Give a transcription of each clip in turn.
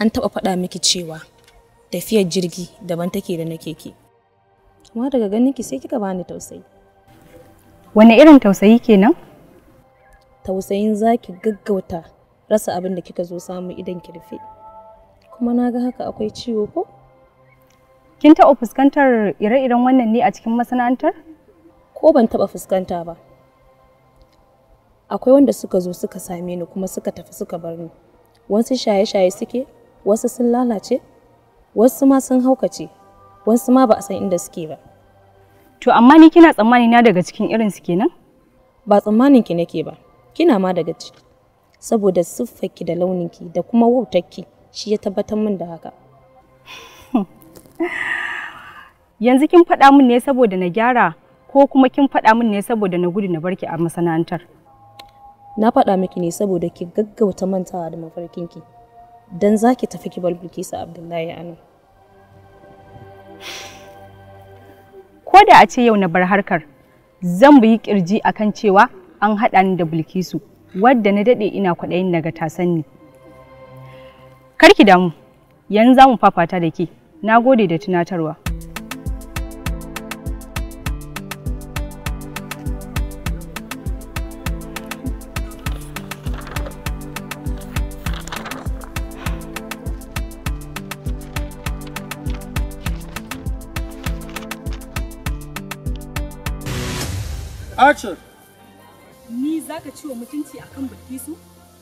an taɓa faɗa miki cewa tafiyar jirgi daban take da na keke Kuma daga ganin ki sai kika bani tausayi wani irin tausayi kenan tausayin zaki gaggauta rasa abin da kika zo samu idan ki rufe kuma na ga haka akwai ciwo ko kin taɓa fuskantar ire-iren wannan ne a cikin masana'antar ko ban taɓa fuskanta ba akwai wanda suka zo suka same ni kuma suka tafi suka bar ni wasu shaye-shaye suke wasu sun lalace wasu ma sun haukace wasu ma ba a san inda suke ba to amma ni kina tsammani na daga cikin irin su kenan ba tsammanin ki nake ba kina ma daga ciki saboda siffarki da launinki da kuma wautarki shi ya tabbatar min da haka yanzu kin faɗa min ne saboda na gyara ko kuma kin faɗa min ne saboda na gudu na barki a masana'antar na faɗa miki ne saboda ki gaggauta mantawa da mafarkinki don za ki tafi ki bar bilkisu abdullahi a ko da a ce yau na bar harkar zan bi kirji akan cewa an haɗa ni da bilkisu wadda na daɗe ina kwaɗayin daga tasan Kar karki damu yanzu za mu fafata da ke na gode da tunatarwa Ashur. Ni zaka ka mutunci akan Bilkisu?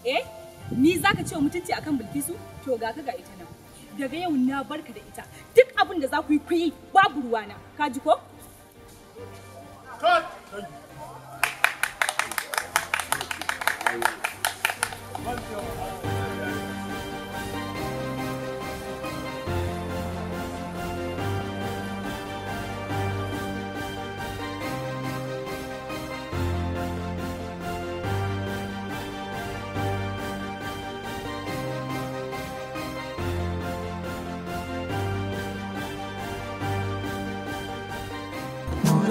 Eh? Ni zaka mutunci akan Bilkisu? To ga ka ga ita nan. Daga yau na barka da ita. Duk abin da za ku yi ku yi babu ruwana. Ka ji ko? Thank you.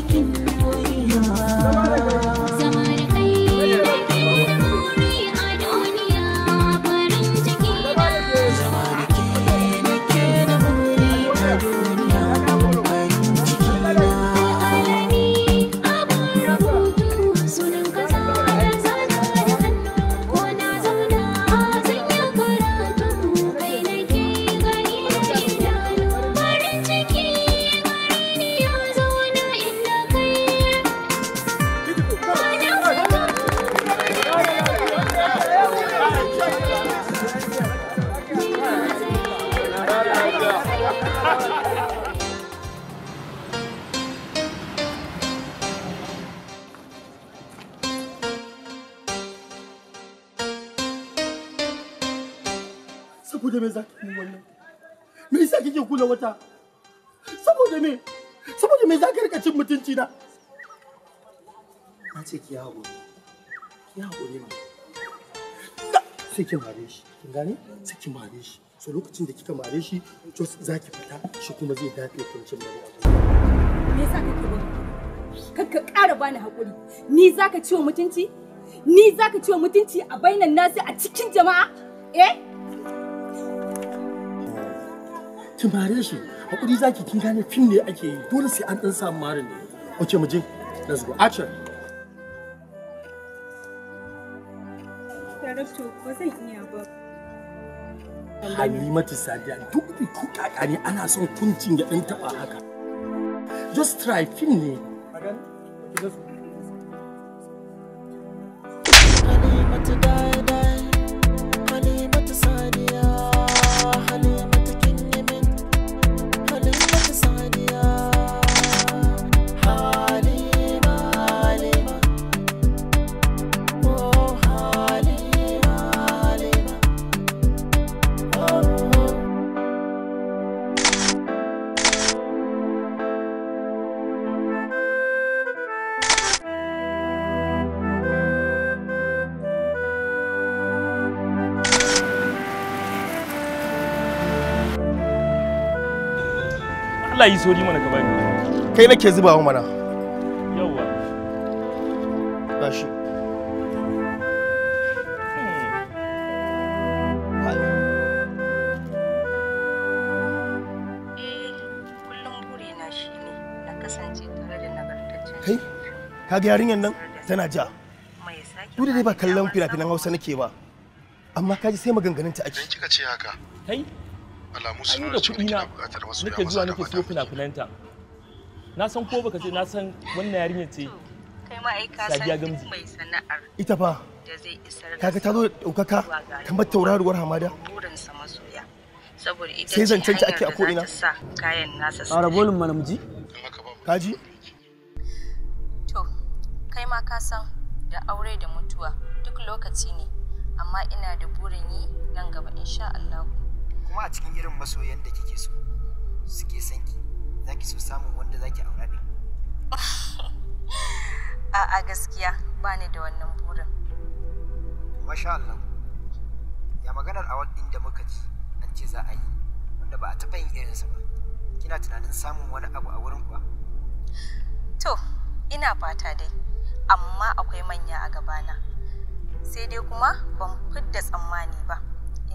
seeking me za ki yi wannan me yasa kike kula wata saboda me saboda me za ka rika cin mutunci na na ce ki haƙuri ki haƙuri ma sai ki mare shi kin gane sai ki mare shi so lokacin da kika mare shi to za ki fita shi kuma zai dafe kuncin da me yasa kake gudu kar ka ƙara bani hakuri ni za ka ciwo mutunci ni za ka ciwo mutunci a bainan nasi a cikin jama'a eh ki mare shi hakuri zaki kin gane fim ne ake yi dole sai an dan samu marin ne mu let's go action duk da ana son kuncin ya haka. Just try ne. Allah yi sori mana ka bani kai nake zubawa mana yawa gashi kai kaga yarinyar nan tana ja duk da dai ba kallon fina-finan hausa nake ba amma kaji sai maganganun ta ake kika ce haka kai alamu sun nuna kuɗi na nake zuwa nake siyo fina-finanta na san ko baka ce na san wannan yarinya ce kai ma ai ka san mai sana'ar ita fa da zai isar kaga ta zo daukaka kamar tauraruwar hamada burin sa masoya saboda ita sai zancen ta ake a ko ina kayan nasa sai rabolin manamji kaji to kai ma ka san da aure da mutuwa duk lokaci ne amma ina da burin yi nan gaba insha Allah kuma a cikin irin masoyan da kike so suke son ki za ki so samun wanda za ki aura din a'a gaskiya ba ni da wannan burin masha Allah ya maganar a din da muka ji an ce za a yi wanda ba a taɓa yin irinsa ba kina tunanin samun wani abu a wurin kuwa to ina fata dai amma akwai manya a gabana sai dai kuma ban fidda tsammani ba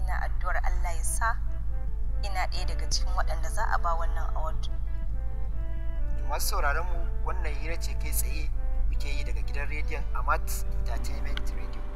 ina addu'ar Allah ya sa ina ɗaya daga cikin waɗanda za a ba wannan award. masu sauraron mu wannan hira ce kai tsaye muke yi daga gidan rediyon amat entertainment radio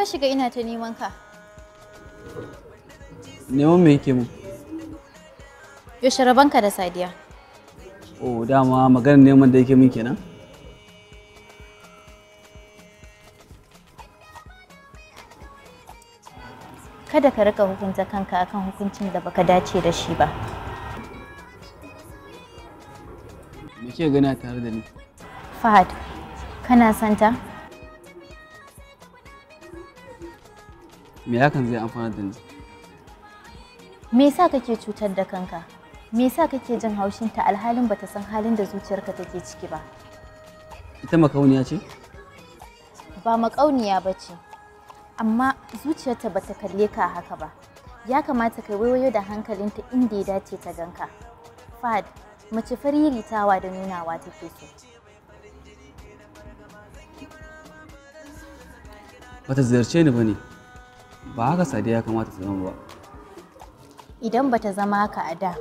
ka shiga ina ta neman ka? Neman me yake mu? Yaushe rabanka da Sadiya. Oh, dama maganar neman da yake min kenan? Kada ka rika hukunta kanka akan hukuncin da baka dace da shi ba. Me ke gana tare da ni? Fahad, kana santa? me hakan zai amfana da ni me yasa kake cutar da kanka me yasa kake jin haushin ta alhalin bata san halin da zuciyarka take ciki ba ita makauniya ce ba makauniya ba ce amma zuciyarta bata kalle ka haka ba ya kamata ka waiwayo da hankalinta inda ya dace ta ganka fad mace ritawa da nunawa take so bata ziyarce ni ba ne ba haka sadiya ya kamata ta zama ba idan ba ta zama haka a da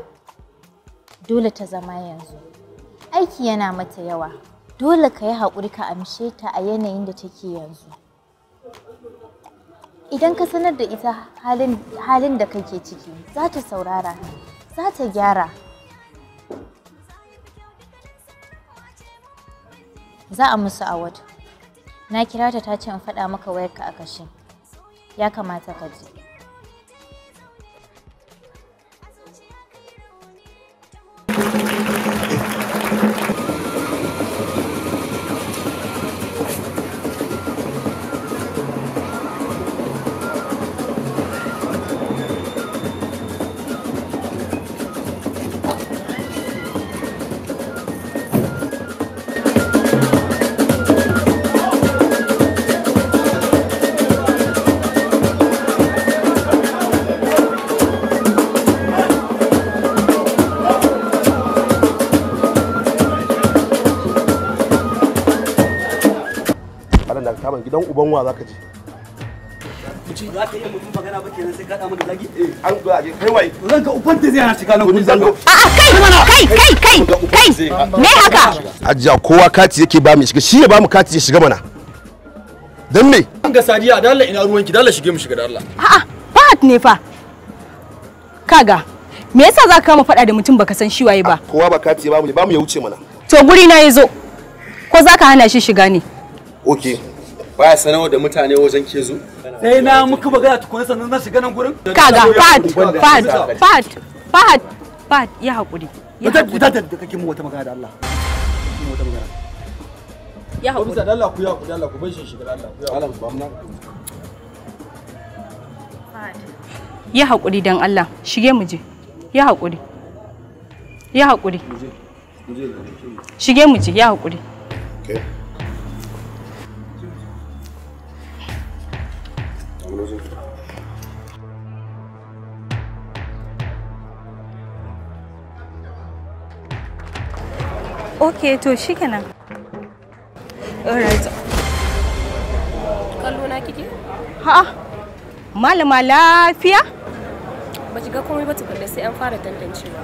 dole ta zama yanzu aiki yana mata yawa dole ka yi haƙuri ka amshe ta a yanayin da take yanzu idan ka sanar da ita halin da kake ciki za ta saurara za ta gyara za a musu a wata na kira ta ta ce in faɗa maka wayarka a kashe ya kamata ka ji gidan uban wa zaka je kuci za ka yi mutum magana ba kenan sai ka damu da zagi eh an ga je kai wai zan ga uban da zai hana shiga nan kuci zan ga a'a kai mana kai kai kai kai me haka ajja kowa kati yake ba mu shiga shi ya ba mu kati ya shiga mana dan me an ga sadiya dalla ina ruwanki dalla shige mu shiga da Allah a'a fat ne fa kaga me yasa za ka kama faɗa da mutum baka san shi waye ba kowa ba kati ba mu ba mu ya wuce mana to guri na yazo ko za ka hana shi shiga ne okay baya sanawa da mutane wajen ke zo sai na muka magana tukuna sannan na shiga nan gurin kaga fat fat fat fat fat ya hakuri ya da kake mu wata magana da Allah mu wata magana ya hakuri da Allah ku ya ku Allah ku shi shiga Allah ku ya Allah ba ya hakuri dan Allah shige mu je ya hakuri ya hakuri shige mu je ya hakuri okay ok to shikenan alright kallo na kiki? ha malama lafiya ba ki ga komai ba tukunna sai an fara tantancewa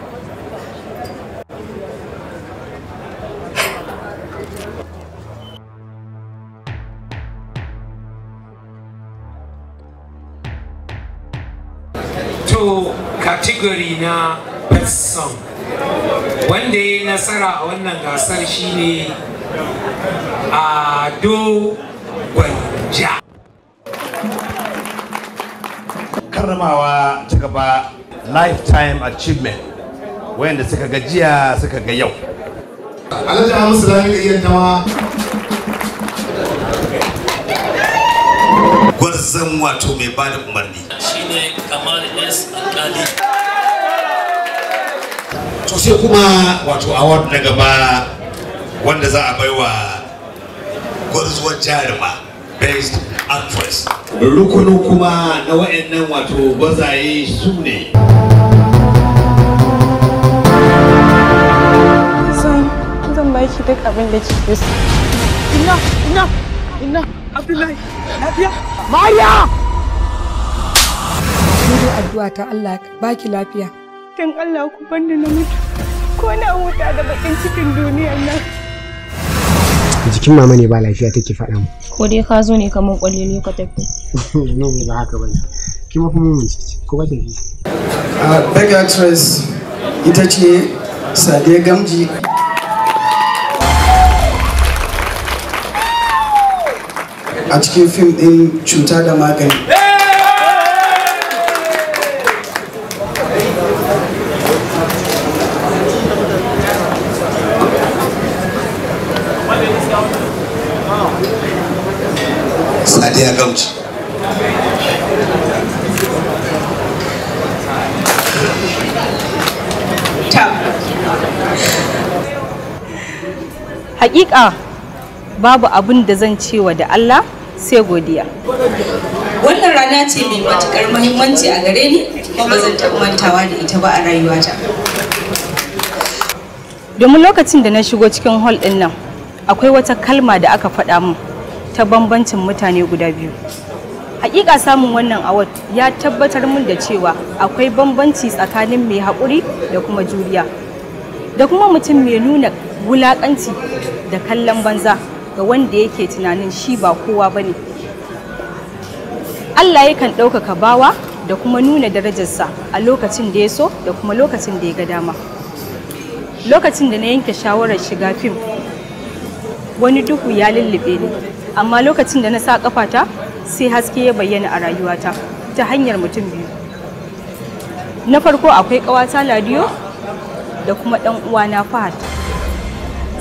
to category na person wanda ya yi nasara a wannan gasar shine ado gwanja karramawa ta gaba lifetime achievement wayanda suka gajiya suka ga yau alhaji abu sulami da iya tawa gwarzon wato mai bada umarni shine kamar s alkali to sai kuma wato award na gaba wanda za a baiwa gwarzuwar jarima based actress rukunin kuma na wa'annan wato gwazaye su ne zan baki duk abin da ke ina ina ina abdullahi lafiya mariya addu'a ta Allah baki lafiya Kan Allah ku banda na mutu ko na huta da bakin cikin duniyar nan jikin mama ne ba lafiya take faɗa mu ko dai ka zo ne kamar kwalele ka tafi no ba haka bane ki ma kuma mun ci ko ba ta a big actress ita ce Sadiya Gamji a cikin fim ɗin cuta da magani da ya hakika babu abin da zan wa da Allah sai godiya wannan rana ce mai matukar muhimmanci a gare ni kuma ba zan taɓa mantawa da ita ba a rayuwata domin lokacin da na shigo cikin hall ɗin nan akwai wata kalma da aka faɗa min ta bambancin mutane guda biyu hakika samun wannan award ya tabbatar mun da cewa akwai bambanci tsakanin mai haƙuri da kuma juriya da kuma mutum mai nuna wulaƙanci da kallon banza ga wanda yake tunanin shi ba kowa ba ne allah yakan ɗaukaka bawa da kuma nuna darajarsa a lokacin da ya so da kuma lokacin da ya ga dama lokacin da na yanke shawarar shiga fim wani duhu ya lullube ni amma lokacin da na sa kafata sai haske ya bayyana a rayuwata ta hanyar mutum biyu na farko akwai ƙawata ladiyo da kuma ɗan uwana fahad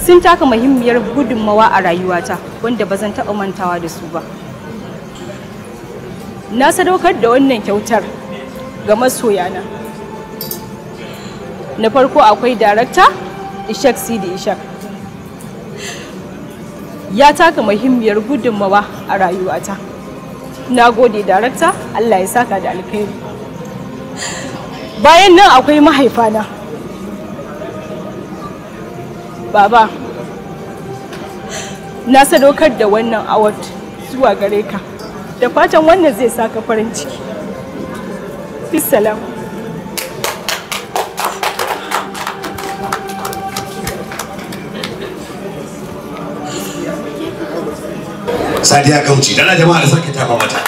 sun taka muhimmiyar gudunmawa a rayuwata wanda ba zan taɓa mantawa da su ba na sadaukar da wannan kyautar ga masoyana na farko akwai darakta ishak sidi ishak ya taka muhimmiyar gudunmawa a rayuwata na gode darakta allah ya saka da alkhairi bayan nan akwai mahaifana baba na sadaukar da wannan award zuwa gare ka da fatan wannan zai saka farin ciki bisalam sadiya kauci dana jama'a da sake tafa mata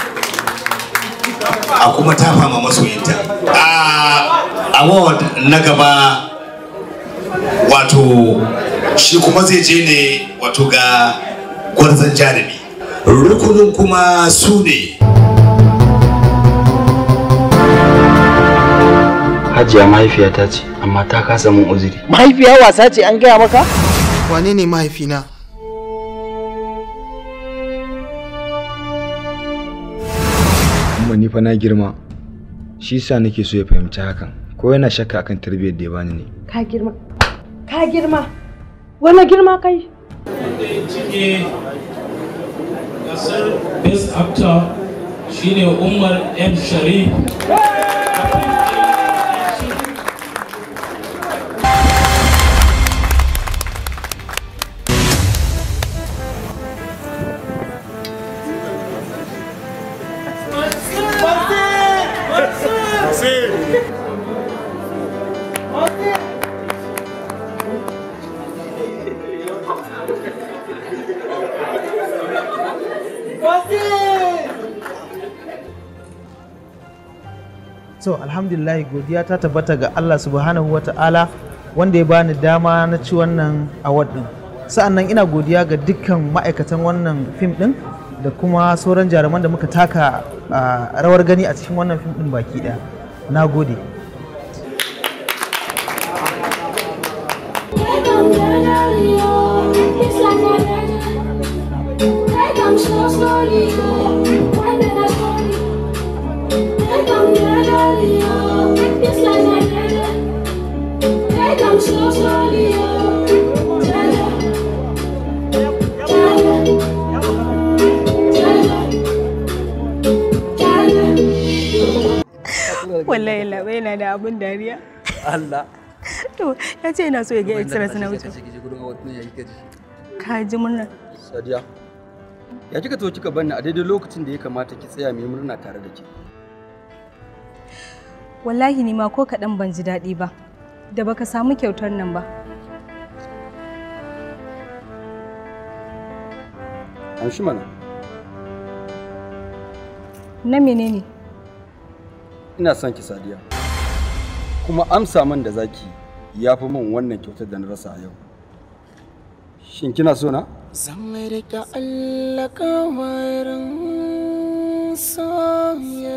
a kuma tafa ma masoyinta a award na gaba wato shi kuma zai je ne wato ga gwarzon jarumi rukunin kuma su ne hajiya mahaifiyata ce amma ta kasa mun uziri. mahaifiya wasa ce an gaya maka wane ne mahaifina ni fa na girma shi sa nake so ya fahimci hakan ko yana shakka akan tarbiyyar da ya bani ne ka girma ka girma wani girma kai cike gasar best actor shine umar m sharif so alhamdulillah godiya ta tabbata ga Allah subhanahu wa ta'ala wanda ya bani dama na ci wannan award din sa'annan ina godiya ga dukkan ma'aikatan wannan fim din da kuma sauran jaruman da muka taka rawar gani a cikin wannan fim din baki daya na gode wallahi labai yana da abin dariya Allah ya ce yana so ya ga express na wuce ka ji murna sadiya Ya kika zo kika banni a daidai lokacin da ya kamata ki tsaya mai murna tare da ki. Wallahi ni ma ko kaɗan ban ji daɗi ba, da baka samu kyautar nan ba. An shi mana. Na menene? Ina son ki sadiya. Kuma amsa min da zaki ya fi min wannan kyautar da na rasa a yau. Shin kina so na? zan rika allaka warin soyayya